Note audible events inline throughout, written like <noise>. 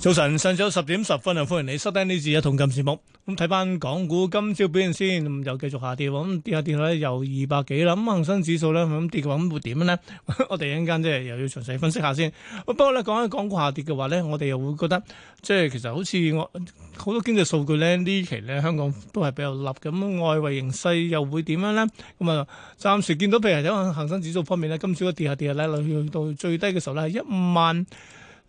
早晨，晨早十點十分啊！歡迎你收聽呢次啊一桶金節目。咁睇翻港股今朝表現先，又繼續下跌，咁跌下跌下又二百幾啦。咁恒生指數咧咁跌嘅話，咁會點咧？我哋一陣間即係又要詳細分析下先。不過咧，講緊港股下跌嘅話咧，我哋又會覺得即係其實好似我好多經濟數據咧呢期咧香港都係比較落咁，外圍形勢又會點樣咧？咁啊，暫時見到譬如喺恒生指數方面咧，今朝跌下跌下咧，去到最低嘅時候咧係一五萬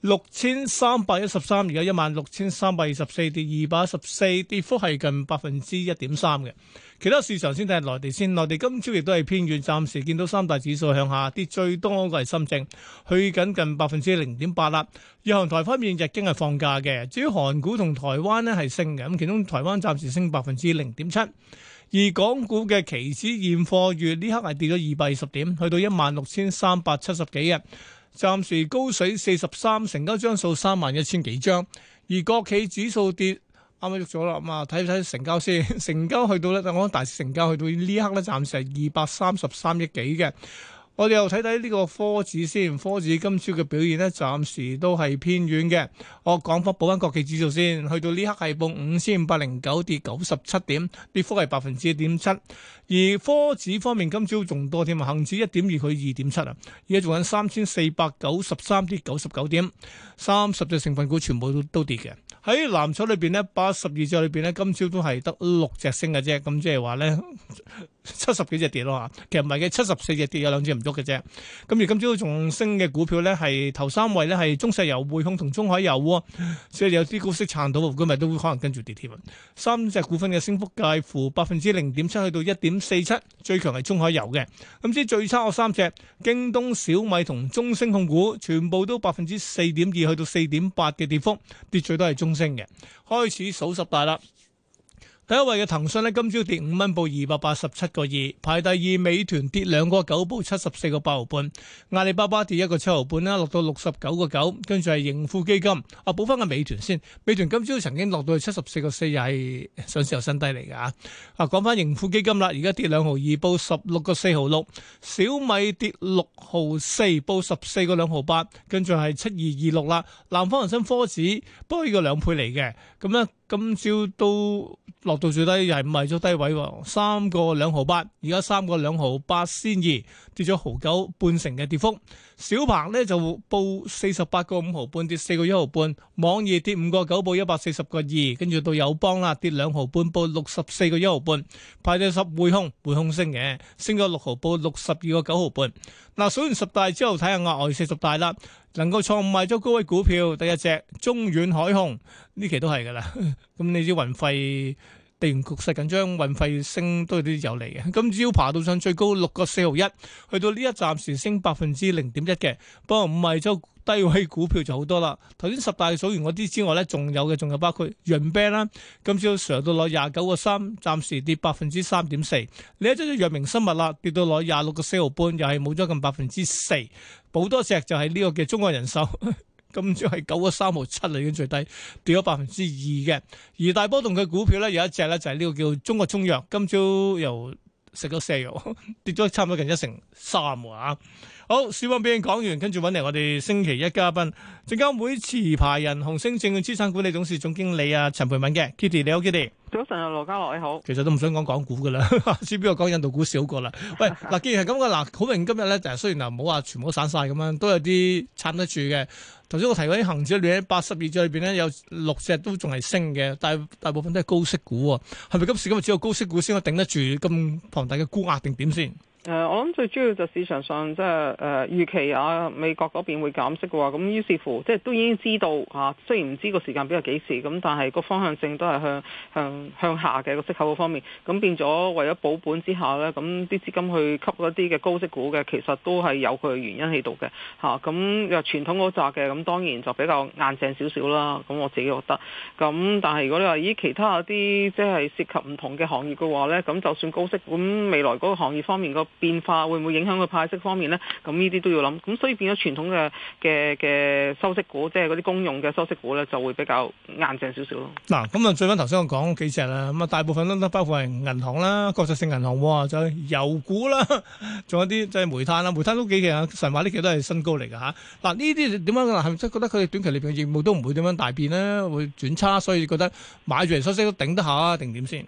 六千三百一十三，而家一萬六千三百二十四，跌二百一十四，跌幅係近百分之一點三嘅。其他市場先睇下內地先，內地今朝亦都係偏軟，暫時見到三大指數向下跌，最多嗰個係深證，去緊近百分之零點八啦。日韓台方面，日經係放假嘅，至於韓股同台灣呢係升嘅，咁其中台灣暫時升百分之零點七。而港股嘅期指現貨月呢刻係跌咗二百二十點，去到一萬六千三百七十幾日。暫時高水四十三，成交張數三萬一千幾張，而國企指數跌，啱啱喐咗啦，咁啊睇一睇成交先，成交去到咧，但我講大市成交去到呢刻咧，暫時係二百三十三億幾嘅。我哋又睇睇呢個科指先，科指今朝嘅表現咧，暫時都係偏軟嘅。我講翻補翻國企指數先，去到呢刻係報五千五百零九跌九十七點，跌幅係百分之一點七。而科指方面今朝仲多添啊，恒指一點二去二點七啊，而家做緊三千四百九十三跌九十九點，三十隻成分股全部都，都跌嘅。喺藍籌裏邊呢，八十二隻裏邊呢，今朝都係得六隻升嘅啫，咁即係話呢。 <laughs> 七十幾隻跌咯嚇，其實唔係嘅，七十四隻跌，有兩隻唔喐嘅啫。咁而今朝仲升嘅股票咧，係頭三位咧係中石油、匯控同中海油啊，所以有啲股息撐到，今日都會可能跟住跌添。三隻股份嘅升幅介乎百分之零點七去到一點四七，最強係中海油嘅。咁之最差我三隻，京東、小米同中升控股，全部都百分之四點二去到四點八嘅跌幅，跌最多係中升嘅。開始數十大啦。第一位嘅騰訊咧，今朝跌五蚊，報二百八十七個二，排第二。美團跌兩個九，報七十四個八毫半。阿里巴巴跌一個七毫半啦，落到六十九個九。跟住係盈富基金，啊，補翻個美團先。美團今朝曾經落到去七十四個四，又係上次有新低嚟嘅吓。嗱、啊，講翻盈富基金啦，而家跌兩毫二，報十六個四毫六。小米跌六毫四，報十四個兩毫八。跟住係七二二六啦。南方恒生科指，不過呢個兩倍嚟嘅，咁咧。今朝都落到最低，又係賣咗低位喎，三個兩毫八，而家三個兩毫八先二，跌咗毫九半成嘅跌幅。小鵬咧就報四十八個五毫半，跌四個一毫半；網易跌五個九，報一百四十個二，跟住，到友邦啦，跌兩毫半，報六十四個一毫半，排第十匯控，匯控升嘅，升咗六毫，報六十二個九毫半。嗱，數完十大之後，睇下額外四十大啦，能夠創賣咗高位股票第一隻中遠海控，呢期都係噶啦，咁你知運費。地緣局勢緊張，運費升都有啲有利嘅。今朝爬到上最高六個四毫一，去到呢一暫時升百分之零點一嘅。不過五十周低位股票就好多啦。頭先十大數完嗰啲之外咧，仲有嘅仲有包括潤邦啦，今朝上到攞廿九個三，暫時跌百分之三點四。另一隻藥明生物啦，跌到攞廿六個四毫半，又係冇咗近百分之四。補多隻就係呢個嘅中國人壽。 <laughs> 今朝係九個三毛七嚟嘅最低，跌咗百分之二嘅。而大波動嘅股票咧，有一隻咧就係、是、呢個叫中國中藥，今朝又食咗四 e 跌咗差唔多近一成三啊！好，市品俾你講完，跟住揾嚟我哋星期一嘉賓，證監會持牌人、紅星證券資產管理董事總經理啊陳培敏嘅 Kitty 你好，Kitty 早晨啊羅家樂你好，其實都唔想講港股噶啦，知邊個講印度股好過 <laughs> 啦？喂嗱，既然係咁嘅嗱，好明今日咧，就雖然又唔好話全部都散晒咁樣，都有啲撐得住嘅。頭先我提過啲恒指咧，八十二隻裏面咧有六隻都仲係升嘅，大部分都係高息股喎，係咪今時今日只有高息股先可頂得住咁龐大嘅沽壓定點先？誒，uh, 我諗最主要就市場上，即係誒預期啊美國嗰邊會減息嘅話，咁於是乎即係都已經知道嚇、啊，雖然唔知個時間表係幾時，咁但係個方向性都係向向向下嘅，個息口嗰方面，咁變咗為咗保本之下呢，咁啲資金去吸嗰啲嘅高息股嘅，其實都係有佢嘅原因喺度嘅嚇。咁、啊、又傳統嗰扎嘅，咁當然就比較硬淨少少啦。咁我自己覺得，咁但係如果你話咦其他啲即係涉及唔同嘅行業嘅話呢，咁就算高息，咁未來嗰個行業方面個變化會唔會影響佢派息方面咧？咁呢啲都要諗。咁所以變咗傳統嘅嘅嘅收息股，即係嗰啲公用嘅收息股咧，就會比較硬淨少少咯。嗱，咁啊，最翻頭先我講幾隻啦。咁啊，大部分都都包括係銀行啦、國際性銀行、啊，就再、係、油股啦，仲有啲即係煤炭啦。煤炭都幾勁、啊，神華呢幾個都係新高嚟㗎嚇。嗱，呢啲點樣嗱？係咪即係覺得佢哋短期裏面嘅業務都唔會點樣大變咧？會轉差，所以覺得買住嚟收息都頂得下啊？定點先？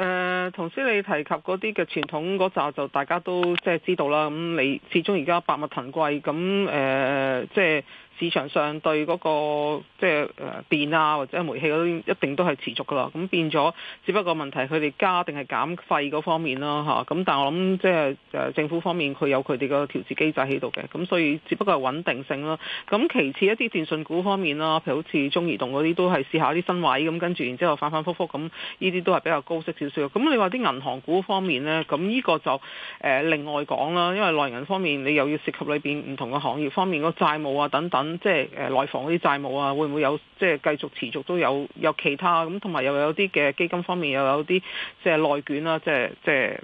誒、呃，頭先你提及嗰啲嘅傳統嗰紮，就大家都即係知道啦。咁你始終而家百物騰貴，咁誒，即、呃、係。即係市場上對嗰、嗰個即係誒電啊或者煤氣嗰啲一定都係持續噶啦，咁變咗只不過問題佢哋加定係減費嗰方面咯嚇，咁、啊、但係我諗即係誒政府方面佢有佢哋個調節機制喺度嘅，咁所以只不過係穩定性咯。咁其次一啲電信股方面啦，譬如好似中移動嗰啲都係試下啲新位咁，跟住然之後反反覆覆咁，呢啲都係比較高息少少。咁你話啲銀行股方面呢，咁呢個就誒、呃、另外講啦，因為內銀方面你又要涉及裏邊唔同嘅行業方面、個債務啊等等。即係誒內房啲債務啊，會唔會有即係繼續持續都有有其他咁，同埋又有啲嘅基金方面又有啲即係內卷啦，即係即係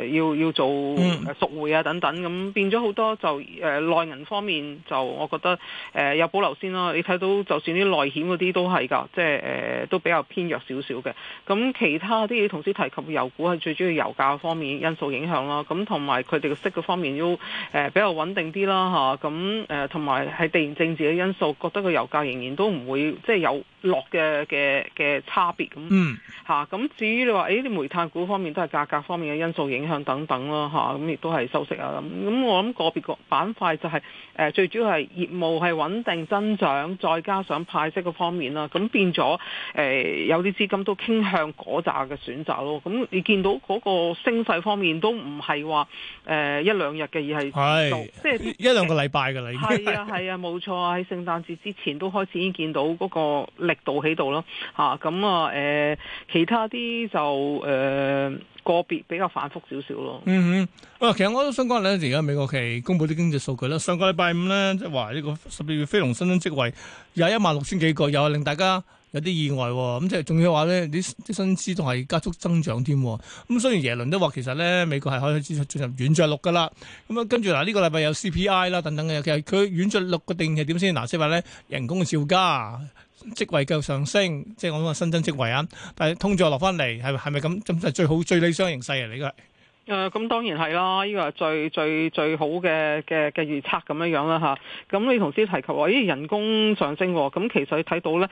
誒要要做贖回啊等等，咁變咗好多就誒內銀方面就我覺得誒、呃、有保留先啦。你睇到就算啲內險嗰啲都係噶，即係誒都比較偏弱少少嘅。咁其他啲，同事提及油股係最主要油價方面因素影響咯。咁同埋佢哋嘅息嘅方面都誒比較穩定啲啦嚇。咁誒同埋喺地。政治嘅因素，覺得個油價仍然都唔會，即係有。落嘅嘅嘅差別，咁、嗯，吓，咁至於你話誒啲煤炭股方面都係價格方面嘅因素影響等等咯吓，咁、啊、亦、嗯、都係收息啊咁。咁、嗯、我諗個別個板塊就係、是、誒、呃、最主要係業務係穩定增長，再加上派息嘅方面啦，咁、啊、變咗誒、呃、有啲資金都傾向嗰扎嘅選擇咯。咁、啊嗯、你見到嗰個升勢方面都唔係話誒一兩日嘅，而係唉即係是一兩個禮拜嘅嚟。係啊係啊，冇錯啊！喺聖誕節之前都開始已經見到嗰個道起度咯，嚇咁啊誒、嗯，其他啲就誒、呃、個別比較反覆少少咯。嗯哼，啊，其實我都想講咧，而家美國期公布啲經濟數據咧，上個禮拜五咧，即係話呢個十二月非農新增職位有廿一萬六千幾個，又係令大家有啲意外喎。咁即係仲要話咧，啲啲薪資都係加速增長添。咁、嗯、雖然耶倫都話、嗯這個，其實咧美國係可以資進入軟着陸噶啦。咁啊，跟住嗱，呢個禮拜有 CPI 啦，等等嘅。其實佢軟着陸嘅定義係點先？嗱，即係話咧人工嘅照加。職位繼續上升，即係我講話新增職位啊，但係通脹落翻嚟，係係咪咁？咁就最好、最理想形勢、呃嗯這個、啊！呢個誒，咁當然係啦，呢個係最最最好嘅嘅嘅預測咁樣樣啦嚇。咁你頭先提及話，咦、哎、人工上升喎，咁、啊、其實睇到咧，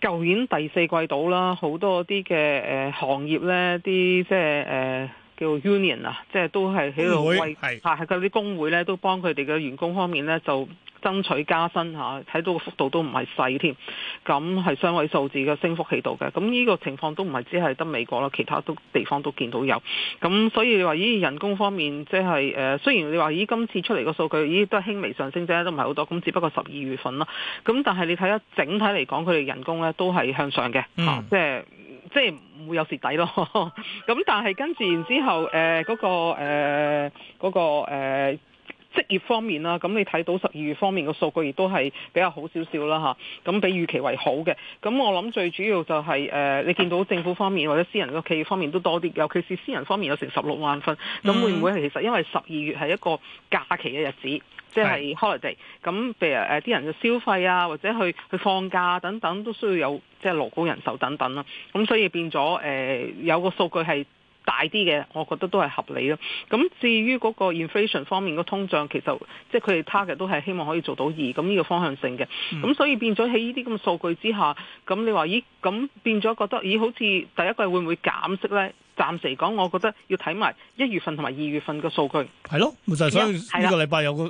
舊年第四季度啦，好多啲嘅誒行業咧，啲即係誒。呃叫 union 啊，即、就、係、是、都係喺度威，係係嗰啲工會咧都幫佢哋嘅員工方面咧就爭取加薪嚇，睇、啊、到個幅度都唔係細添，咁係雙位數字嘅升幅喺度嘅。咁、嗯、呢、嗯啊這個情況都唔係只係得美國啦，其他都地方都見到有。咁、啊、所以你話咦，人工方面即係誒、呃，雖然你話咦，今次出嚟個數據咦，都係輕微上升啫，都唔係好多。咁只不過十二月份啦，咁、啊啊、但係你睇下整體嚟講，佢哋人工咧都係向上嘅、啊啊、即係。嗯即係唔會有蝕底咯，咁 <laughs> 但係跟住然之後，誒、呃，嗰、嗰個誒嗰、呃嗰個誒。呃職業方面啦，咁你睇到十二月方面嘅數據亦都係比較好少少啦嚇，咁比預期為好嘅。咁我諗最主要就係、是、誒、呃，你見到政府方面或者私人個企業方面都多啲，尤其是私人方面有成十六萬份，咁會唔會係其實因為十二月係一個假期嘅日子，mm hmm。即係 holiday，咁譬如誒啲、呃、人嘅消費啊，或者去去放假等等都需要有即係勞工人手等等啦、啊。咁所以變咗誒、呃、有個數據係。大啲嘅，我覺得都係合理咯。咁至於嗰個 inflation 方面嘅通脹，其實即係佢哋 target 都係希望可以做到二，咁呢個方向性嘅。咁、mm. 所以變咗喺呢啲咁嘅數據之下，咁你話咦，咁變咗覺得咦，好似第一季會唔會減息呢？暫時嚟講，我覺得要睇埋一月份同埋二月份嘅數據。係咯，就所以呢個禮拜有個誒，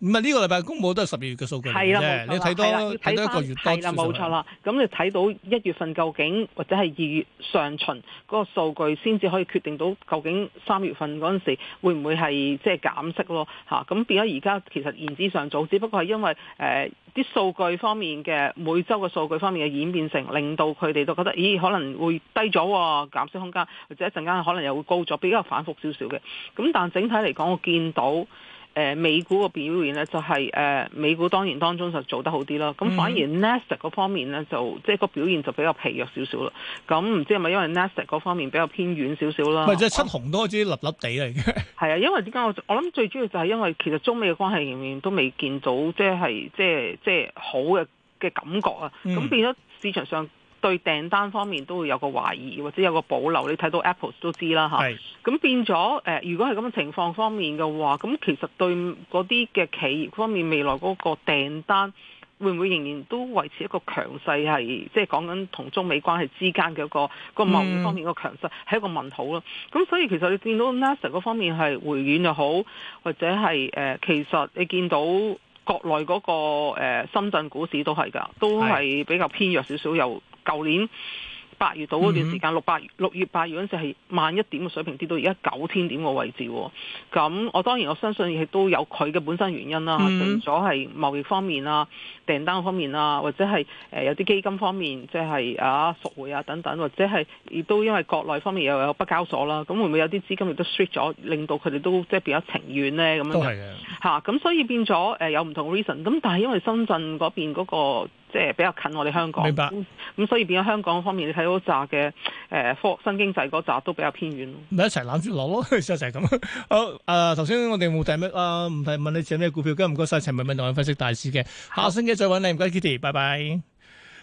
唔係呢個禮拜公佈都係十二月嘅數據啫。你睇多睇多一個月多，係啦的，冇錯啦。咁你睇到一月份究竟或者係二月上旬嗰個數據，先至可以決定到究竟三月份嗰陣時會唔會係即係減息咯？嚇，咁變咗而家其實言之尚早，只不過係因為誒啲、呃、數據方面嘅每週嘅數據方面嘅演變成，令到佢哋都覺得咦可能會低咗、啊、減息空間。或者一陣間可能又會高咗，比較反覆少少嘅。咁但係整體嚟講，我見到誒、呃、美股個表現咧，就係、是、誒、呃、美股當然當中就做得好啲啦。咁反而 Nasdaq 嗰方面咧，就即係個表現就比較疲弱少少啦。咁唔知係咪因為 Nasdaq 嗰方面比較偏遠少少啦？咪即係七紅多啲，笠笠地嚟嘅。經我。係啊，因為點解我我諗最主要就係因為其實中美嘅關係仍然都未見到即係即係即係好嘅嘅感覺啊。咁、嗯、變咗市場上。對訂單方面都會有個懷疑，或者有個保留。你睇到 Apple 都知啦嚇。咁、啊、是變咗誒、呃，如果係咁嘅情況方面嘅話，咁其實對嗰啲嘅企業方面未來嗰個訂單會唔會仍然都維持一個強勢？係即係講緊同中美關係之間嘅一個一個貿易方面個強勢，係、嗯、一個問號咯。咁、啊、所以其實你見到 NASA 嗰方面係回軟又好，或者係誒、呃，其實你見到國內嗰、那個、呃、深圳股市都係㗎，都係比較偏弱少少又。舊年八月到嗰段時間，六八六月八月嗰陣時係萬一點嘅水平跌到而家九千點嘅位置。咁我當然我相信亦都有佢嘅本身原因啦，mm hmm. 除咗係貿易方面啊、訂單方面啊，或者係誒、呃、有啲基金方面，即係啊贖回啊等等，或者係亦都因為國內方面又有北交所啦，咁會唔會有啲資金亦都 shrink 咗，令到佢哋都即係變咗情願呢？咁樣？都係嘅，咁、啊、所以變咗誒、呃、有唔同嘅 reason。咁但係因為深圳嗰邊嗰、嗰個。即係比較近我哋香港，明白咁、嗯，所以變咗香港方面你，你睇到扎嘅誒科新經濟嗰扎都比較偏遠，咪一齊攬住攞咯，成日咁。好，誒頭先我哋冇提咩啊，唔係問你借咩股票，跟住唔該晒，陳文敏同我分析大市嘅。下星期再揾你，唔該 Kitty，拜拜。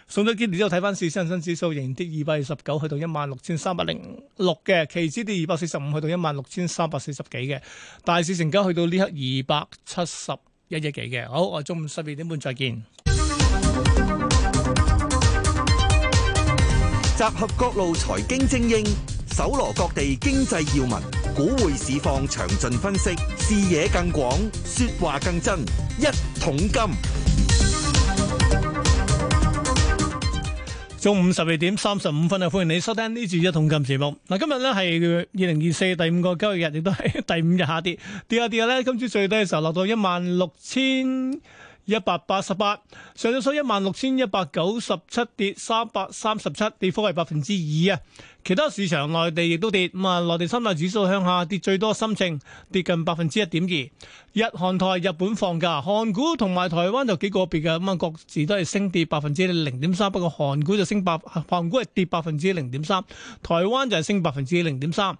送咗 Kitty 之後，睇翻市、市，恆生指數仍然跌二百二十九，去到一萬六千三百零六嘅，期指跌二百四十五，去到一萬六千三百四十幾嘅，大市成交去到呢刻二百七十一億幾嘅。好，我哋中午十二點半再見。集合各路財經精英，搜羅各地經濟要聞，股匯市況詳盡分析，視野更廣，說話更真。一桶金，中午十二點三十五分啊！歡迎你收聽呢住一桶金節目。嗱，今日咧係二零二四第五個交易日，亦都係第五日下跌，跌下跌下咧，今朝最低嘅時候落到一萬六千。一百八十八，8, 上咗數，一萬六千一百九十七，跌三百三十七，跌幅係百分之二啊。其他市場內地亦都跌咁啊。內地三大指數向下跌最多，深證跌近百分之一點二。日韓台，日本放假，韓股同埋台灣就幾個別嘅咁啊，各自都係升跌百分之零點三。不過韓股就升百，韓股係跌百分之零點三，台灣就係升百分之零點三。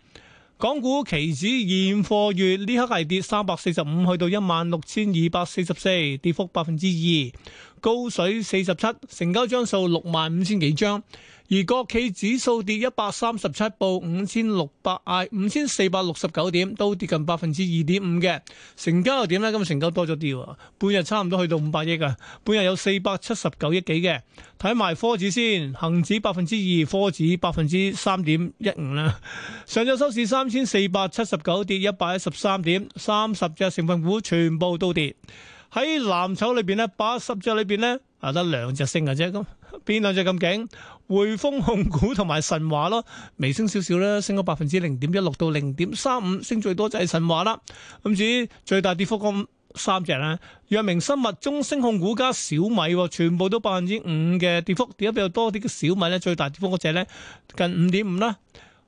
港股期指現貨月呢刻係跌三百四十五，去到一萬六千二百四十四，跌幅百分之二，高水四十七，成交張數六萬五千幾張。而國企指數跌一百三十七，報五千六百五千四百六十九點，都跌近百分之二點五嘅。成交又點呢？今日成交多咗啲，半日差唔多去到五百億啊。半日有四百七十九億幾嘅。睇埋科指先，恒指百分之二，科指百分之三點一五啦。上晝收市三千四百七十九，跌一百一十三點，三十隻成分股全部都跌。喺藍籌裏邊呢，八十隻裏邊呢。啊！得兩隻升嘅啫，咁邊兩隻咁勁？匯豐控股同埋神華咯，微升少少啦，升咗百分之零點一六到零點三五，升最多就係神華啦。咁至於最大跌幅嗰三隻咧，藥明生物、中升控股加小米，全部都百分之五嘅跌幅，跌得比較多啲嘅小米咧，最大跌幅嗰隻咧近五點五啦。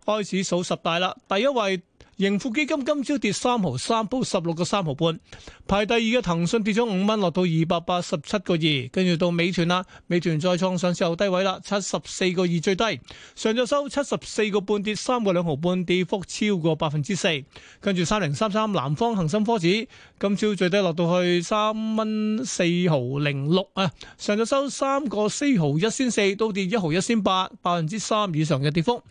開始數十大啦，第一位。盈富基金今朝跌三毫三，報十六個三毫半，排第二嘅騰訊跌咗五蚊，落到二百八十七個二。跟住到美團啦，美團再創上市後低位啦，七十四個二最低，上晝收七十四個半，跌三個兩毫半，跌幅超過百分之四。跟住三零三三南方恒生科指今朝最低落到去三蚊四毫零六啊，上晝收三個四毫一仙四，都跌一毫一仙八，百分之三以上嘅跌幅。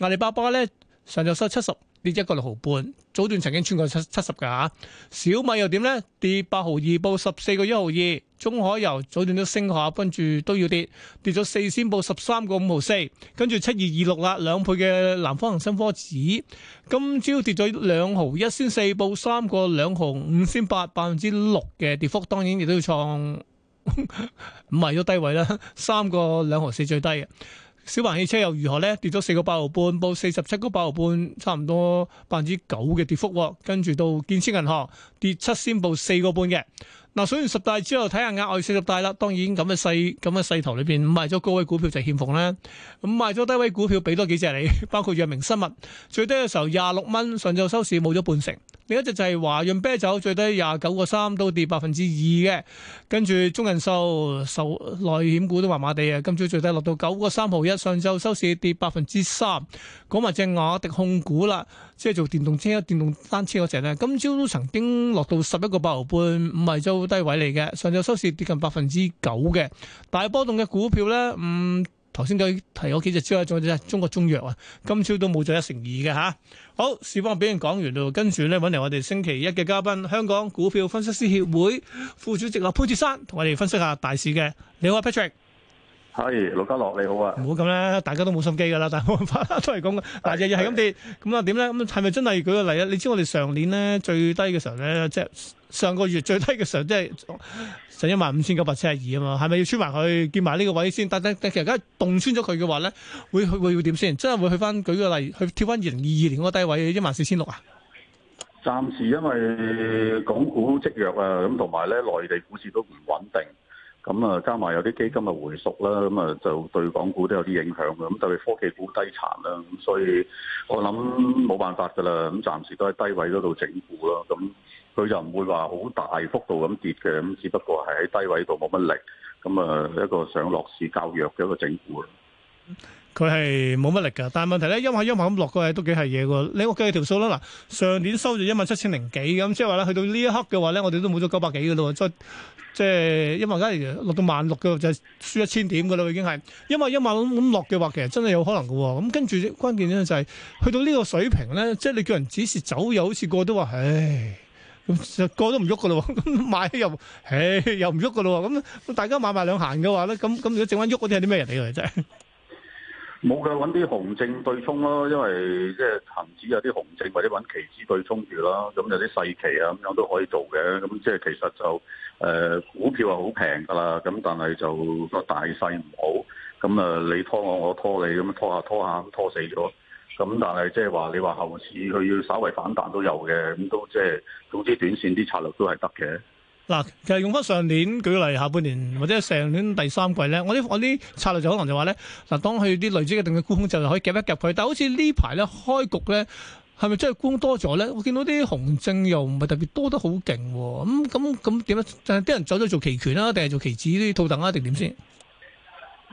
阿里巴巴呢，上晝收七十。1> 跌一個六毫半，早段曾經穿過七七十嘅嚇。小米又點咧？跌八毫二，報十四個一毫二。中海油早段都升下，跟住都要跌，跌咗四仙，報十三個五毫四，跟住七二二六啦，兩倍嘅南方恒生科指，今朝跌咗兩毫一仙四，報三個兩毫五仙八，百分之六嘅跌幅，當然亦都要創唔圍嘅低位啦，三個兩毫四最低嘅。小鵬汽車又如何呢？跌咗四個八毫半，報四十七個八毫半，差唔多百分之九嘅跌幅。跟住到建設銀行跌七仙報四個半嘅。嗱，數完十大之後睇下額外四十大啦。當然咁嘅勢咁嘅勢頭裏邊，賣咗高位股票就欠奉啦。咁賣咗低位股票，俾多幾隻你，包括藥明生物最低嘅時候廿六蚊，上晝收市冇咗半成。另一隻就係華潤啤酒最低廿九個三，都跌百分之二嘅。跟住中人壽受內險股都麻麻地啊，今朝最低落到九個三毫一，上晝收市跌百分之三。講埋隻雅迪控股啦。即係做電動車、電動單車嗰隻呢，今朝都曾經落到十一個八毫半，唔係就低位嚟嘅。上日收市跌近百分之九嘅大波動嘅股票呢。嗯，頭先都提咗幾隻，即係中中國中藥啊，今朝都冇咗一成二嘅吓。好，市況，俾人講完啦，跟住呢，揾嚟我哋星期一嘅嘉賓，香港股票分析師協會副主席劉潘志山同我哋分析下大市嘅。你好，Patrick。係，陸家樂你好啊！唔好咁啦，大家都冇心機噶啦，但係都係咁噶，日日係咁跌，咁啊點咧？咁係咪真係舉個例啊？你知我哋上年咧最低嘅時候咧，即係上個月最低嘅時候，即係成一萬五千九百七十二啊嘛，係咪要穿埋佢，見埋呢個位先？但但其實而家凍穿咗佢嘅話咧，會會會點先？真係會去翻？舉個例，去跳翻二零二二年嗰個低位，一萬四千六啊？暫時因為港股好積弱啊，咁同埋咧內地股市都唔穩定。咁啊，加埋有啲基金嘅回縮啦，咁啊就對港股都有啲影響嘅。咁特別科技股低殘啦，咁所以我諗冇辦法㗎啦。咁暫時都喺低位嗰度整固咯。咁佢就唔會話好大幅度咁跌嘅。咁只不過係喺低位度冇乜力。咁啊，一個上落市較弱嘅一個整固。佢係冇乜力㗎，但係問題咧，因為一萬咁落過去都幾係嘢喎。你我計條數啦，嗱，上年收咗一萬七千零幾咁、嗯就是，即係話咧，去到呢一刻嘅話咧，我哋都冇咗九百幾嘅咯，再即係一萬加嚟落到萬六嘅就係輸一千點嘅咯，已經係。因為一萬咁落嘅話，其實真係有可能嘅。咁、嗯、跟住關鍵咧就係、是、去到呢個水平咧，即係你叫人指是走又好似個都話，唉，實、嗯、個都唔喐嘅咯。咁 <laughs> 買又又唔喐嘅咯。咁、嗯、大家買埋兩行嘅話咧，咁咁如果剩翻喐嗰啲係啲咩人嚟嘅？真 <laughs> 冇嘅，揾啲熊證對沖咯，因為即係恆指有啲熊證或者揾期指對沖住啦，咁有啲細期啊咁樣都可以做嘅，咁即係其實就誒、呃、股票係好平㗎啦，咁但係就個大勢唔好，咁啊你拖我，我拖你，咁拖下拖下，咁拖，拖死咗，咁但係即係話你話後市佢要稍微反彈都有嘅，咁都即係總之短線啲策略都係得嘅。嗱，其實用翻上年舉例，下半年或者成年第三季咧，我啲我啲策略就可能就話咧，嗱，當佢啲累積一定嘅沽空就可以夾一夾佢。但係好似呢排咧開局咧，係咪真係沽空多咗咧？我見到啲紅證又唔係特別多得好勁喎。咁咁咁點樣咧？就係啲人走咗做期權啦，定係做期指啲套戥啊，定點先？誒、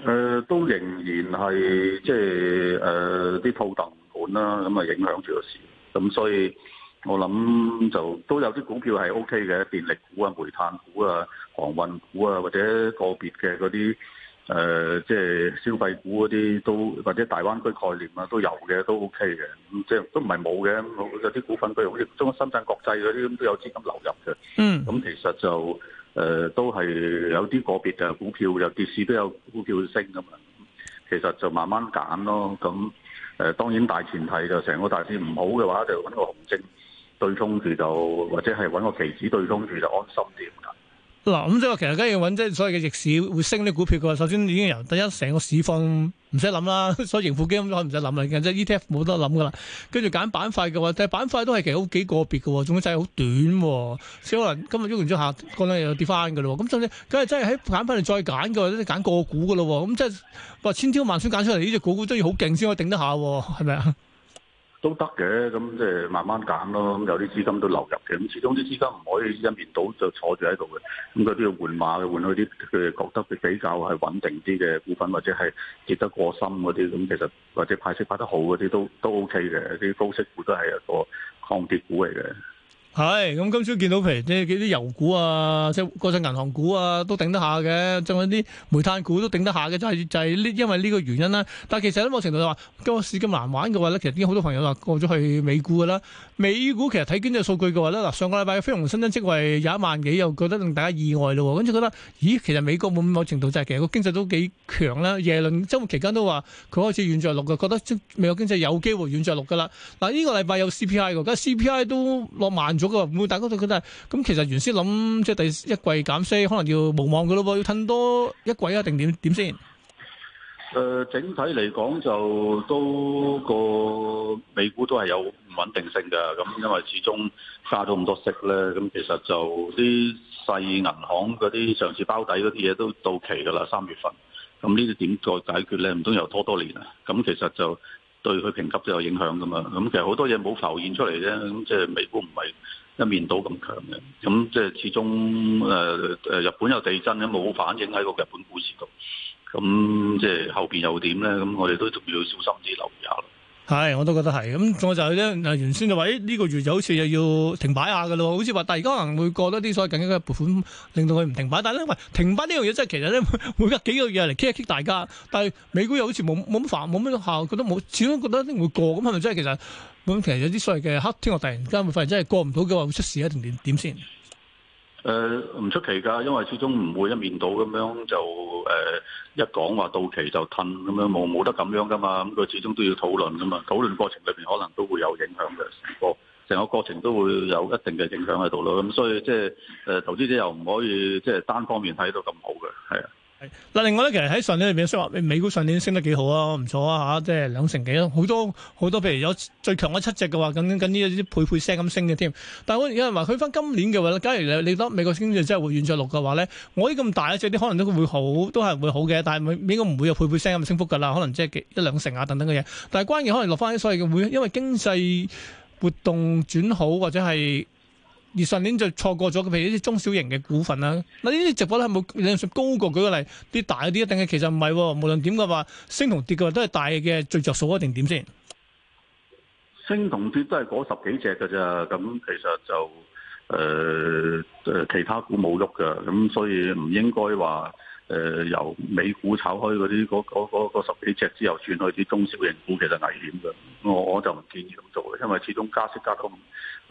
呃，都仍然係即係誒啲套戥盤啦，咁啊影響住個市，咁所以。我諗就都有啲股票係 O K 嘅，電力股啊、煤炭股啊、航運股啊，或者個別嘅嗰啲誒，即係消費股嗰啲都，或者大灣區概念啊都有嘅，都 O K 嘅，咁即係都唔係冇嘅。有啲股份譬如好似，即係深圳國際嗰啲咁都有資金流入嘅。嗯。咁其實就誒、呃、都係有啲個別嘅股票，有跌市都有股票升咁啊。其實就慢慢揀咯。咁誒、呃、當然大前提就成個大市唔好嘅話，就揾個紅精，對沖住就，或者係揾個期指對沖住就安心啲咁解。嗱，咁即係話其實梗係要揾即係所謂嘅逆市會升啲股票嘅。首先已經由第一成個市況唔使諗啦，所以盈富基金都唔使諗啦。其實 E T F 冇得諗噶啦。跟住揀板塊嘅話，但係板塊都係其實好幾個別嘅，仲要制好短，所以可能今日喐完咗下，兩日又跌翻噶啦。咁所以梗係真係喺揀翻嚟再揀嘅，或者揀個股噶啦。咁即係話千挑萬選揀出嚟呢隻股，股都要好勁先可以頂得下，係咪啊？都得嘅，咁即係慢慢減咯。咁有啲資金都流入嘅，咁始終啲資金唔可以一面倒就坐住喺度嘅。咁佢都要換馬嘅，換去啲佢覺得比較係穩定啲嘅股份，或者係跌得過深嗰啲。咁其實或者派息派得好嗰啲都都 OK 嘅，啲高息股都係一個抗跌股嚟嘅。係，咁、 <noise> <noise> 嗯、今朝見到譬如，即係幾啲油股啊，即係國際銀行股啊，都頂得下嘅，仲有啲煤炭股都頂得下嘅，就係就係呢，因為呢個原因啦。但係其實喺某程度就話今個市咁難玩嘅話，其實已經好多朋友話過咗去美股噶啦。美股其實睇經濟數據嘅話，上個禮拜非農新增職位有一萬幾，又覺得令大家意外咯，跟住覺得咦，其實美國冇某程度就係其實個經濟都幾強啦。耶倫週末期間都話佢開始軟着陸嘅，覺得美國經濟有機會軟着陸噶啦。嗱呢、這個禮拜有 CPI 喎而家 CPI 都落慢咗。不唔會，大家都覺得。咁，其實原先諗即係第一季減息，可能要無望噶咯，要褪多一季啊，定點點先？誒、呃，整體嚟講就都個美股都係有唔穩定性噶，咁因為始終加咗咁多息咧，咁其實就啲細銀行嗰啲上次包底嗰啲嘢都到期噶啦，三月份，咁呢啲點再解決咧？唔通又拖多年啊？咁其實就。對佢評級都有影響噶嘛，咁其實好多嘢冇浮現出嚟啫。咁即係美股唔係一面倒咁強嘅，咁即係始終誒誒日本有地震咁冇反映喺個日本股市度，咁即係後邊又點咧？咁我哋都都要小心啲留意下咯。係，我都覺得係。咁、就係、我就咧嗱，原先就話，呢個月就好似又要停擺下嘅咯，好似話突然間可能會過多啲所謂緊急嘅撥款，令到佢唔停擺。但係咧，喂停擺呢樣嘢真係其實咧，每隔幾個月嚟傾一傾大家。但係美股又好似冇冇乜煩，冇乜效，覺得冇，始終覺得一定會過咁係咪真係？其實咁其實有啲所謂嘅黑天鵝突然間會發現真係過唔到嘅話，會出事一定點點先？誒唔出奇㗎，因為始終唔會一面倒。咁樣就誒、呃、一講話到期就褪咁樣，冇冇得咁樣㗎嘛？咁佢始終都要討論㗎嘛，討論過程裏邊可能都會有影響嘅，成個成個過程都會有一定嘅影響喺度咯。咁所以即係誒投資者又唔可以即係、呃、單方面睇到咁好嘅，係啊。嗱，另外咧，其實喺上年入面，雖然話美股上年升得幾好啊，唔錯啊嚇，即係兩成幾咯，好多好多，譬如有最強嗰七隻嘅話，緊緊啲配配聲咁升嘅添。但係我而家有人話，佢翻今年嘅話咧，假如你你得美國經濟真係會軟着陸嘅話咧，我呢咁大嗰隻啲可能都會好，都係會好嘅。但係應該唔會有配配聲咁升幅㗎啦，可能即係幾一兩成啊等等嘅嘢。但係關鍵可能落翻啲所謂嘅會，因為經濟活動轉好或者係。而上年就錯過咗，譬如啲中小型嘅股份啦，嗱呢啲直播咧冇高過舉，舉個例啲大啲一定，其實唔係無論點嘅話，升同跌嘅話都係大嘅最着數一定點先？升同跌都係嗰十幾隻嘅咋，咁其實就誒誒、呃、其他股冇喐嘅，咁所以唔應該話誒由美股炒開嗰啲嗰十幾隻之後轉去啲中小型股，其實危險嘅我。我就唔建議咁做嘅，因為始終加息加到咁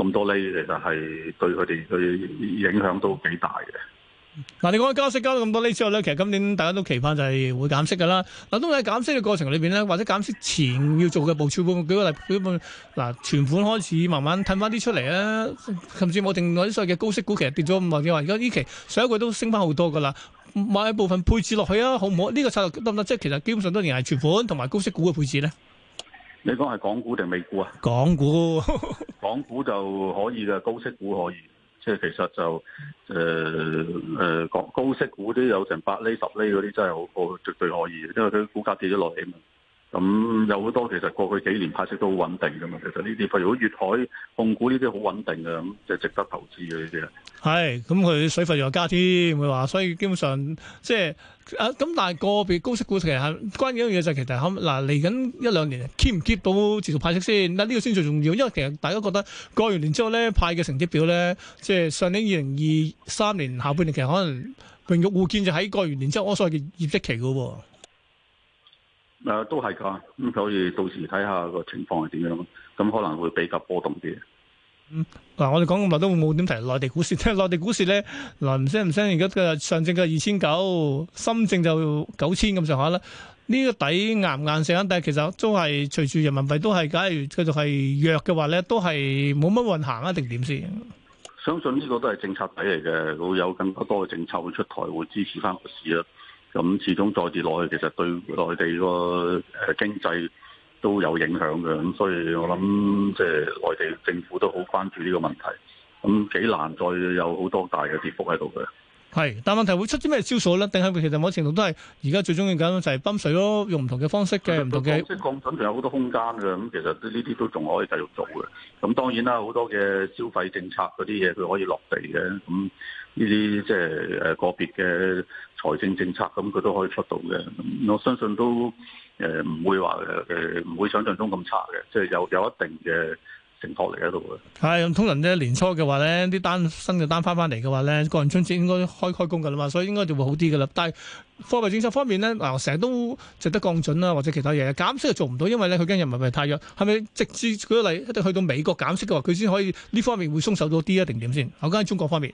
咁多厘，其實係對佢哋嘅影響都幾大嘅。嗱、嗯，你、啊、講加息加到咁多厘之後咧，其實今年大家都期盼就係會減息㗎啦。嗱、啊，都喺減息嘅過程裏邊咧，或者減息前要做嘅部署，舉個例舉個，嗱、啊，存款開始慢慢褪翻啲出嚟啊，甚至冇定嗰所謂嘅高息股，其實跌咗五萬幾萬。而家呢期上一季都升翻好多噶啦，買一部分配置落去啊，好唔好？呢、這個策略得唔得？即、就、係、是、其實基本上都仍係存款同埋高息股嘅配置咧。你講係港股定美股啊？港股， <laughs> 港股就可以㗎，高息股可以，即係其實就誒誒，高高息股都有成百厘十厘嗰啲真係好好，絕對可以，因為佢股價跌咗落嚟嘛。咁、嗯、有好多其實過去幾年派息都好穩定噶嘛，其實呢啲譬如粵海控股呢啲好穩定嘅，咁就值得投資嘅呢啲啦。係、嗯，咁佢水費又加添，佢話所以基本上即係、就是、啊，咁但係個別高息股其實關緊一樣嘢就係、是、其實肯嗱嚟緊一兩年 keep 唔 keep 到持續派息先，嗱、啊、呢、這個先最重要，因為其實大家覺得過完年之後咧派嘅成績表咧，即、就、係、是、上年二零二三年下半年，其實可能榮辱互見就喺過完年之後我所謂嘅業績期嘅喎、啊。誒，都係噶，咁所以到時睇下個情況係點樣，咁可能會比較波動啲。嗯，嗱，我哋講咁耐都冇點提內地股市，即係內地股市咧，嗱，唔聲唔聲，而家嘅上證嘅二千九，深證就九千咁上下啦。呢個底硬唔硬淨？但係其實都係隨住人民幣都係，假如繼續係弱嘅話咧，都係冇乜運行啊，定點先？相信呢個都係政策底嚟嘅，會有更加多嘅政策會出台，會支持翻個市啦。咁始終再跌落去，其實對內地個誒經濟都有影響嘅。咁所以我諗，即係內地政府都好關注呢個問題。咁幾難再有好多大嘅跌幅喺度嘅。係，但問題會出啲咩招數咧？定係其實某程度都係而家最鍾意揀就係泵水咯，用唔同嘅方式嘅，唔以同嘅。降準仲有好多空間嘅，咁其實呢啲都仲可以繼續做嘅。咁當然啦，好多嘅消費政策嗰啲嘢佢可以落地嘅。咁呢啲即係誒個別嘅。財政政策咁佢都可以出到嘅、嗯，我相信都誒唔、呃、會話誒唔會想象中咁差嘅，即係有有一定嘅承托嚟喺度嘅。咁、哎，通常咧年初嘅話咧，啲單新嘅單翻翻嚟嘅話咧，過年春節應該開開工㗎啦嘛，所以應該就會好啲㗎啦。但係貨幣政策方面咧，嗱成日都值得降準啦、啊，或者其他嘢減息又做唔到，因為咧佢跟人民幣太弱，係咪直至舉例一定去到美國減息嘅話，佢先可以呢方面會鬆手到啲啊？定點先？我講喺中國方面。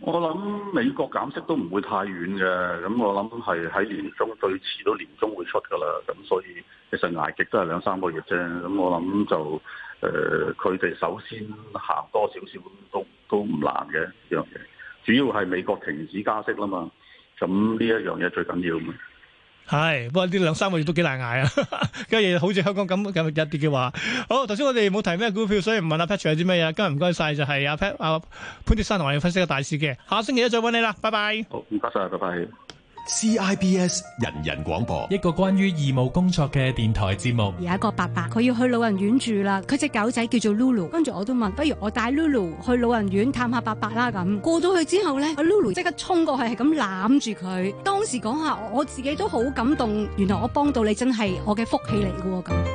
我諗美國減息都唔會太遠嘅，咁我諗係喺年中最遲都年中會出噶啦，咁所以其實挨極都係兩三個月啫，咁我諗就誒，佢、呃、哋首先行多少少都都唔難嘅，呢樣嘢，主要係美國停止加息啦嘛，咁呢一樣嘢最緊要。係，不過呢兩三個月都幾難捱啊！跟住好似香港咁咁一跌嘅話，好，頭先我哋冇提咩股票，所以唔問阿 Patrick 有啲咩啊。今日唔該晒，就係阿 Patrick 潘迪生同埋要分析個大市嘅，下星期一再揾你啦，拜拜。好，唔該晒，拜拜。CIBS 人人廣播，一個關於義務工作嘅電台節目。而一個伯伯，佢要去老人院住啦。佢隻狗仔叫做 Lulu，跟住我都問，不如我帶 Lulu 去老人院探下伯伯啦。咁過到去之後咧，阿 Lulu 即刻衝過去，係咁攬住佢。當時講下，我自己都好感動。原來我幫到你，真係我嘅福氣嚟㗎咁。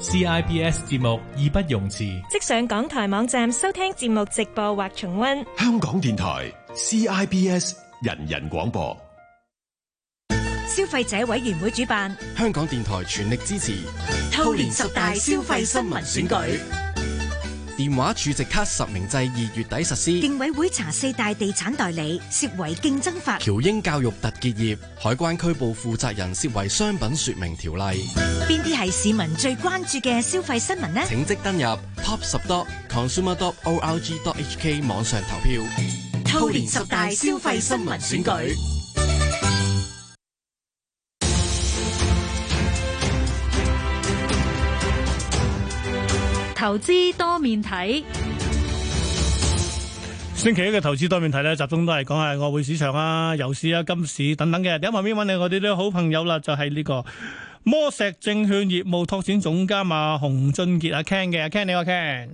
CIBS 節目義不容辭，即上港台網站收聽節目直播或重溫香港電台 CIBS 人，人人廣播。消費者委員會主辦，香港電台全力支持。兔年十大消費新聞選舉，電話儲值卡實名制二月底實施。競委會查四大地產代理，涉違競爭法。僑英教育特結業，海關區部負責人涉違商品說明條例。邊啲係市民最關注嘅消費新聞呢？請即登入 t o p 1 0 d o t c o n s u m e r d o t o r g d o t h k 網上投票。兔年十大消費新聞選舉。投資多面睇，星期一嘅投資多面睇咧，集中都係講係外匯市場啊、油市啊、金市等等嘅。喺旁邊揾你我哋啲好朋友啦、啊，就係、是、呢個魔石證券業務拓展總監啊，洪俊傑啊，阿 Ken 嘅，阿 Ken 你啊，Ken。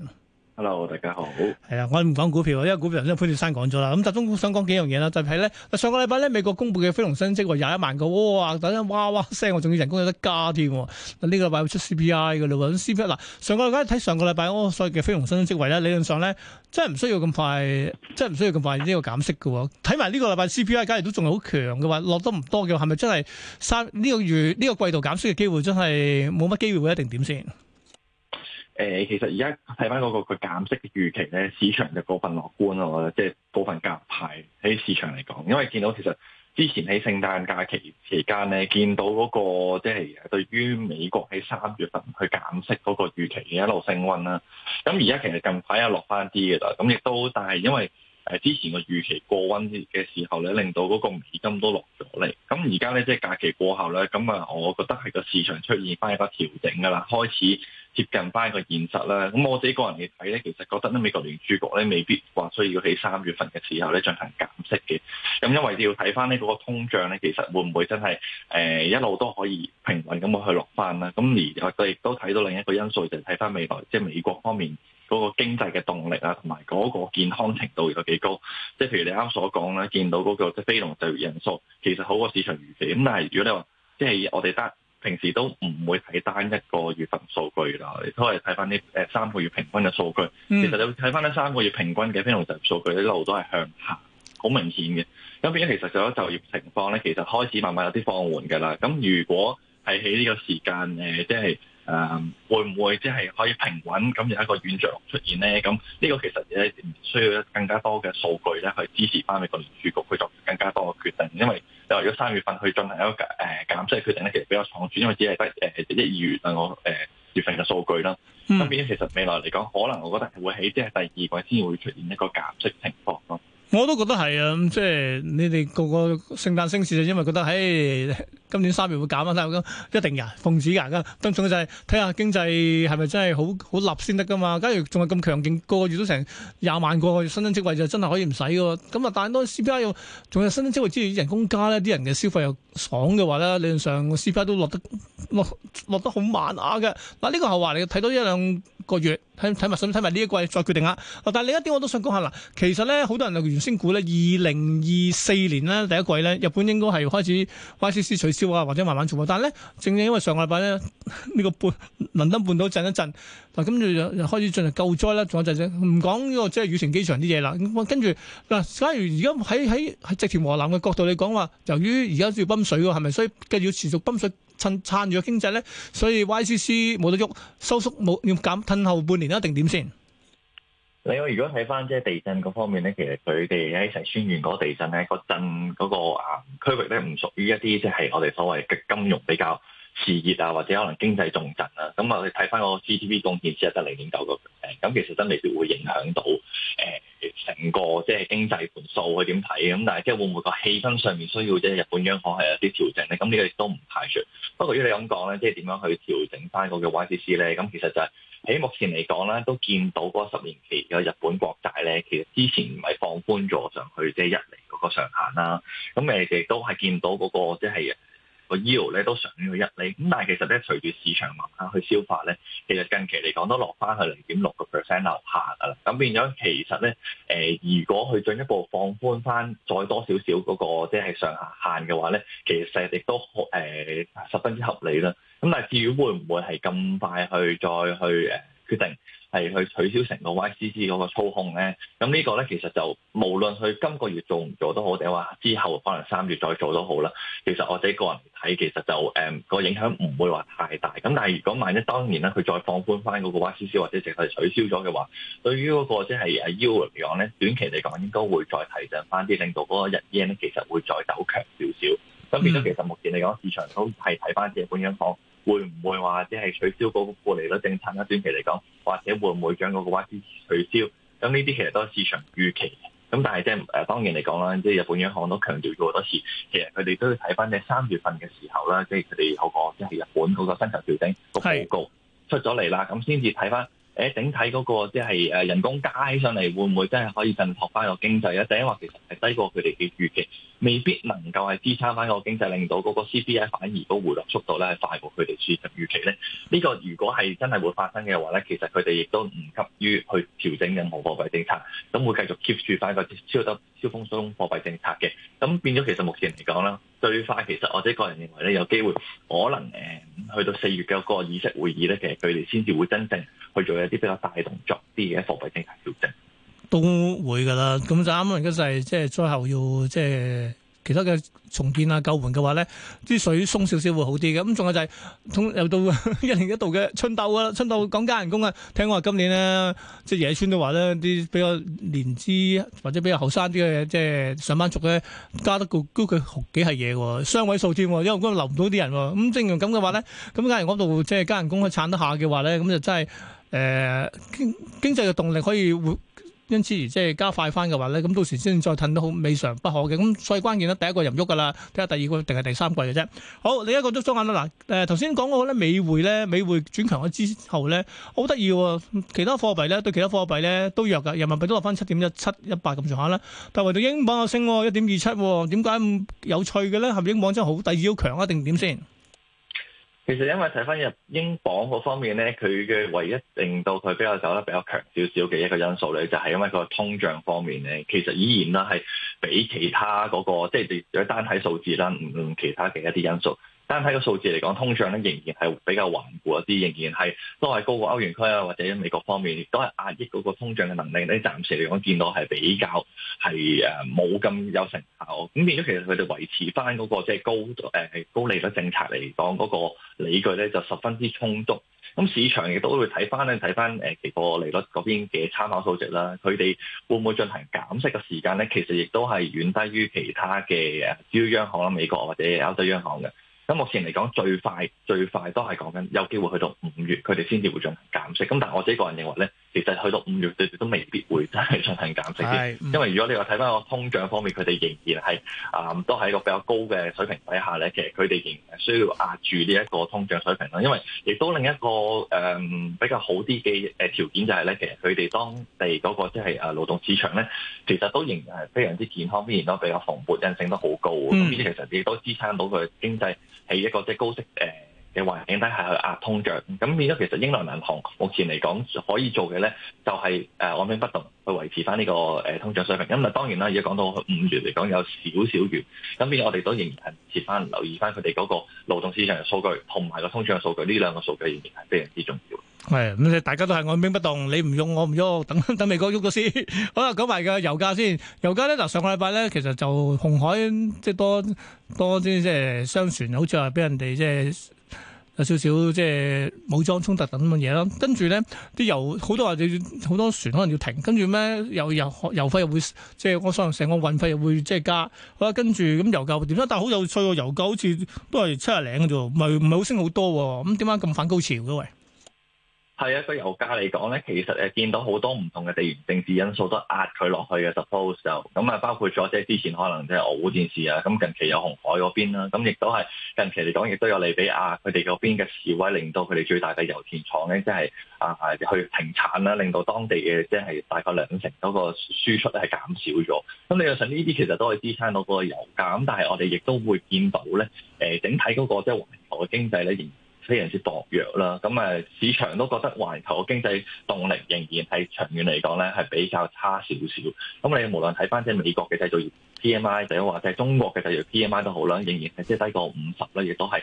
hello，大家好。係啊，我哋唔講股票，因為股票頭先潘志山講咗啦。咁集中想講幾樣嘢啦，就係、是、咧上個禮拜咧美國公布嘅非農新職位廿一萬個，哇！等陣嘩嘩聲，我仲要人工有得加添。嗱、這、呢個禮拜會出 CPI 嘅啦，咁 CPI 嗱、啊、上個禮拜睇上個禮拜哦，所以嘅非農新職位咧理論上咧真係唔需要咁快，真係唔需要咁快呢個減息嘅。睇埋呢個禮拜 CPI，假如都仲係好強嘅話，落得唔多嘅，係咪真係三呢、這個月呢、這個季度減息嘅機會真係冇乜機會會一定點先？誒、呃，其實而家睇翻嗰個佢減息嘅預期咧，市場就過分樂觀咯。我覺得即係部分夾排喺市場嚟講，因為見到其實之前喺聖誕假期期間咧，見到嗰、那個即係對於美國喺三月份去減息嗰個預期嘅一路升温啦。咁而家其實近排又落翻啲嘅啦，咁亦都但係因為誒之前個預期過温嘅時候咧，令到嗰個美金都落咗嚟。咁而家咧即係假期過後咧，咁啊，我覺得係個市場出現翻一個調整噶啦，開始。接近翻一個現實咧，咁我自己個人嚟睇咧，其實覺得咧美國聯儲局咧未必話需要喺三月份嘅時候咧進行減息嘅，咁因為你要睇翻呢嗰個通脹咧，其實會唔會真係誒、呃、一路都可以平穩咁去落翻啦？咁而我哋亦都睇到另一個因素，就係睇翻未來即係美國方面嗰個經濟嘅動力啊，同埋嗰個健康程度有幾高？即係譬如你啱所講啦，見到嗰個即係非農就業人數其實好過市場預期，咁但係如果你話即係我哋得。平時都唔會睇單一個月份數據啦，亦都係睇翻啲誒三個月平均嘅數據。其實你會睇翻呢三個月平均嘅非農就業數據一路都係向下，好明顯嘅。咁變咗，其實就有就業情況咧，其實開始慢慢有啲放緩㗎啦。咁如果係喺呢個時間誒，即係誒、呃，會唔會即係可以平穩咁有一個軟著陸出現咧？咁呢個其實誒需要更加多嘅數據咧去支持翻美國聯儲局去做更加多嘅決定，因為。就如果三月份去進行一個誒減息決定咧，其實比較倉促，因為只係得誒一月啊個誒月份嘅數據啦。咁變其實未來嚟講，可能我覺得係會喺即係第二季先會出現一個減息情況咯。 <music> <music> 我都覺得係啊、嗯，即係你哋個個聖誕升市就因為覺得，唉，今年三月會減啊！睇下咁一定㗎，奉旨㗎，咁仲有就係睇下經濟係咪真係好好立先得㗎嘛？假如仲係咁強勁，個個月都成廿萬個，個月新增職位就真係可以唔使嘅喎。咁啊，但係當 CPI 仲有新增職位，之餘人工加呢啲人嘅消費又爽嘅話呢，理論上 CPI 都落得落落得好慢下嘅。嗱，呢個後話你睇到一兩個月。睇睇埋，想睇埋呢一季再決定啦。但係另一點我都想講下嗱，其實咧好多人啊原先估咧二零二四年咧第一季咧日本應該係開始 YCC 取消啊或者慢慢做，但係咧正正因為上個禮拜咧呢 <laughs> 個半能登半島震一震，嗱跟住又開始進行救災啦，仲有就係唔講呢個即係羽田機場啲嘢啦。跟住嗱，假如而家喺喺植田和男嘅角度你講話，由於而家要泵水喎，係咪所以繼續要持續泵水？撐住個經濟咧，所以 YCC 冇得喐，收縮冇要減，褪後半年一定點先？你我如果睇翻即係地震嗰方面咧，其實佢哋喺成宣縣嗰地震咧，個震嗰個震嗰個啊區域咧，唔屬於一啲即係我哋所謂嘅金融比較事熱啊，或者可能經濟重鎮啦。咁我哋睇翻個 GDP 貢獻只係得零點九個，誒、呃、咁其實真未必會影響到誒。呃成個即係經濟盤數，佢點睇咁？但係即係會唔會個氣氛上面需要即係日本央行係有啲調整咧？咁、這、呢個亦都唔排除。不過，依你咁講咧，即係點樣去調整翻個 YCC 咧？咁其實就係、是、喺目前嚟講咧，都見到嗰十年期嘅日本國債咧，其實之前唔係放寬咗上去，即係一釐嗰個上限啦。咁誒，亦都係見到嗰、那個即係。y 咧、e、都想咗入厘，咁但係其實咧，隨住市場慢慢去消化咧，其實近期嚟講都落翻去零點六個 percent 樓下噶啦，咁變咗其實咧，誒、呃、如果佢進一步放寬翻再多少少嗰個即係、就是、上下限嘅話咧，其實亦都誒、呃、十分之合理啦。咁但係至於會唔會係咁快去再去誒、呃、決定？係去取消成個 YCC 嗰個操控咧，咁呢個咧其實就無論佢今個月做唔做都好，定係話之後可能三月再做都好啦。其實我自己個人睇其實就誒、嗯嗰個影響唔會話太大。咁但係如果萬一當年咧佢再放寬翻嗰個 YCC 或者直係取消咗嘅話，對於嗰、嗰個即係係 U 嚟講咧，短期嚟講應該會再提振翻啲，令到嗰個日圓咧其實會再走強少少。咁變咗其實目前嚟講市場都係睇翻日本央行。會唔會話即係取消嗰個負利率政策咧？短期嚟講，或者會唔會將嗰個 YTS 取消？咁呢啲其實都係市場預期。咁但係即係誒，當然嚟講啦，即係日本央行都強調咗好多次，其實佢哋都要睇翻即係三月份嘅時候啦，即係佢哋有講即係日本嗰個薪酬調整報告出咗嚟啦，咁先至睇翻。誒，整體嗰、那個即係誒人工加起上嚟，會唔會真係可以振托翻個經濟啊？定係話其實係低過佢哋嘅預期，未必能夠係支撐翻個經濟，令到嗰個 CPI 反而都回落速度咧係快過佢哋市場預期咧？呢、這個如果係真係會發生嘅話咧，其實佢哋亦都唔急於去調整任何貨幣政策，咁會繼續 keep 住翻個超級超寬鬆貨幣政策嘅，咁變咗其實目前嚟講啦。最快其實，我即係個人認為咧，有機會可能誒、呃，去到四月嘅個議息會議咧，其實佢哋先至會真正去做一啲比較大動作啲嘅貨幣政策調整，整都會㗎啦。咁就啱啱嗰陣、是，即、就、係、是、最後要即係。就是其他嘅重建啊、救援嘅話咧，啲水鬆少少會好啲嘅。咁仲有就係、是、通又到一年一度嘅春鬥啊，春鬥講加人工啊。聽我話今年咧，即、就、係、是、野村都話咧，啲比較年資或者比較後生啲嘅嘢，即、就、係、是、上班族咧，加得高高高高高個高佢幾係嘢喎，雙位數添。因為嗰度留唔到啲人喎。咁正如咁嘅話咧，咁加人工度即係加人工去撐得下嘅話咧，咁、嗯、就真係誒、呃、經，經濟嘅動力可以活。因此而即係加快翻嘅話咧，咁到時先再褪都好未嘗不可嘅。咁所以關鍵咧，第一季又唔喐噶啦，睇下第二季定係第三季嘅啫。好，你一個都收眼啦。誒，頭先講嗰個咧，美匯咧，美匯轉強咗之後咧，好得意喎。其他貨幣咧，對其他貨幣咧都弱噶，人民幣都落翻七點一七一八咁上下啦。但係唯獨英鎊又升喎，一點二七喎，點解咁有趣嘅咧？係咪英鎊真係好，第二要強啊定點先？其實因為睇返入英鎊嗰方面咧，佢嘅唯一令到佢比較走得比較強少少嘅一個因素咧，就係、是、因為個通脹方面咧，其實依然啦係比其他嗰、那個，即係你單睇數字啦，唔其他嘅一啲因素。單睇個數字嚟講，通脹咧仍然係比較頑固一啲，仍然係都係高過歐元區啊，或者美國方面亦都係壓抑嗰個通脹嘅能力咧。你暫時嚟講，見到係比較係誒冇咁有成效。咁變咗其實佢哋維持翻、那、嗰個即係、就是、高誒、呃、高利率政策嚟講，嗰、那個理據咧就十分之充足。咁市場亦都會睇翻咧，睇翻誒其個利率嗰邊嘅參考數值啦。佢哋會唔會進行減息嘅時間咧？其實亦都係遠低於其他嘅主要央行啦、美國或者歐洲央行嘅。咁目前嚟講，最快最快都係講緊有機會去到五月，佢哋先至會進行減息。咁，但我自己個人認為咧，其實去到五月，佢哋都未必會真係進行減息是，因為如果你話睇返個通脹方面，佢哋仍然係啊、嗯，都喺一個比較高嘅水平底下咧。其實佢哋仍然係需要壓住呢一個通脹水平咯。因為亦都另一個誒、嗯、比較好啲嘅誒條件就係、是、咧，其實佢哋當地嗰個即係啊勞動市場咧，其實都仍然係非常之健康，依然都比較蓬勃，韌性都好高。咁、嗯、其實亦都支撐到佢經濟喺一個即係高息誒。呃嘅環境底下去壓通脹，咁變咗其實英倫銀行目前嚟講可以做嘅咧，就係誒按兵不動去維持翻呢個誒通脹水平。咁啊當然啦，而家講到五月嚟講有少少月，咁變我哋都仍然係持翻留意翻佢哋嗰個勞動市場嘅數據同埋個通脹嘅數據，呢兩個數據仍然係非常之重要。係咁，你大家都係按兵不動，你唔用我唔喐，等等美國喐個先。 <laughs> 好啦，講埋個油價先。油價咧嗱，上個禮拜咧其實就紅海即多多啲即商船，好似話俾人哋即。有少少即係武裝衝突等等嘅嘢啦，跟住咧啲油好多話要好多船可能要停，跟住咩油油油費又會即係我想成個運費又會即係加，啊跟住咁油價會點啦？但係好有趣喎，哦，油價好似都係七廿零嘅啫，唔係唔係好升好多喎，咁點解咁反高潮嘅喂？係啊，個油價嚟講咧，其實誒見到好多唔同嘅地緣政治因素都壓佢落去嘅。Suppose 就咁啊，包括咗即係之前可能即係俄烏戰事啊，咁近期有紅海嗰邊啦，咁亦都係近期嚟講，亦都有利比亞佢哋嗰邊嘅示威，令到佢哋最大嘅油田廠咧，即係啊去停產啦，令到當地嘅即係大概兩成嗰個輸出咧係減少咗。咁你又想呢啲其實都可以支撐到個油價，咁但係我哋亦都會見到咧，誒整體嗰個即係環球嘅經濟咧非常之薄弱啦，咁誒市場都覺得環球嘅經濟動力仍然係長遠嚟講咧係比較差少少。咁你無論睇翻即係美國嘅製造業 PMI，或者話即係中國嘅製造業 PMI 都好啦，仍然係即係低過五十啦，亦都係誒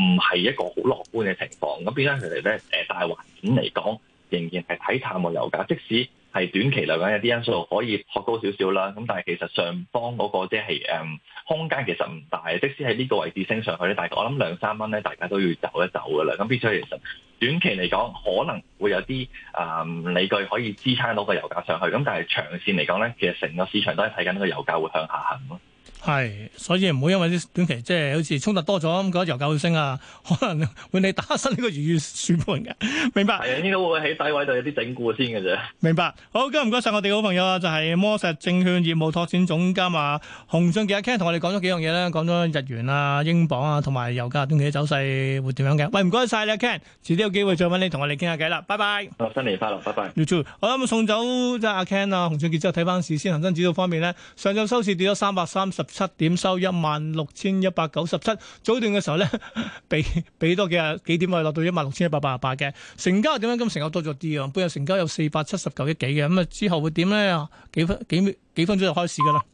唔係一個好樂觀嘅情況。咁點解佢哋咧誒，呃、大環境嚟講，仍然係睇淡個油價，即使係短期嚟講有啲因素可以託高少少啦，咁但係其實上方嗰個即係誒空間其實唔大，即使喺呢個位置升上去咧，大概我諗兩三蚊咧，大家都要走一走嘅啦。咁必須其實短期嚟講可能會有啲誒理據可以支撐到個油價上去，咁但係長線嚟講咧，其實成個市場都係睇緊個油價會向下行咯。係，所以唔好因為啲短期即係好似衝突多咗咁，覺得油價會升啊，可能會你打失呢個預算盤嘅。明白，啊，呢個會喺底位度有啲整固先嘅啫。明白，好，今日唔該晒我哋好朋友啊，就係、是、魔石證券業務拓展總監啊，洪俊傑阿 Ken 同我哋講咗幾樣嘢咧，講咗日元啊、英鎊啊同埋油價短期嘅走勢會點樣嘅？喂，唔該晒你阿 Ken，遲啲有機會再揾你同我哋傾下偈啦，拜拜、哦。新年快樂，拜拜。You too。好啦，咁送走即係阿 Ken 啊，洪俊傑之後睇翻市先，恒生指數方面咧，上晝收市跌咗三百三十。七點收 16, 7, 一萬六千一百九十七，早段嘅時候咧，俾俾多幾啊幾點可以落到一萬六千一百八十八嘅成交點樣？今成日多咗啲啊，本日成交有四百七十九億幾嘅，咁啊之後會點咧？幾分幾秒幾分鐘就開始噶啦。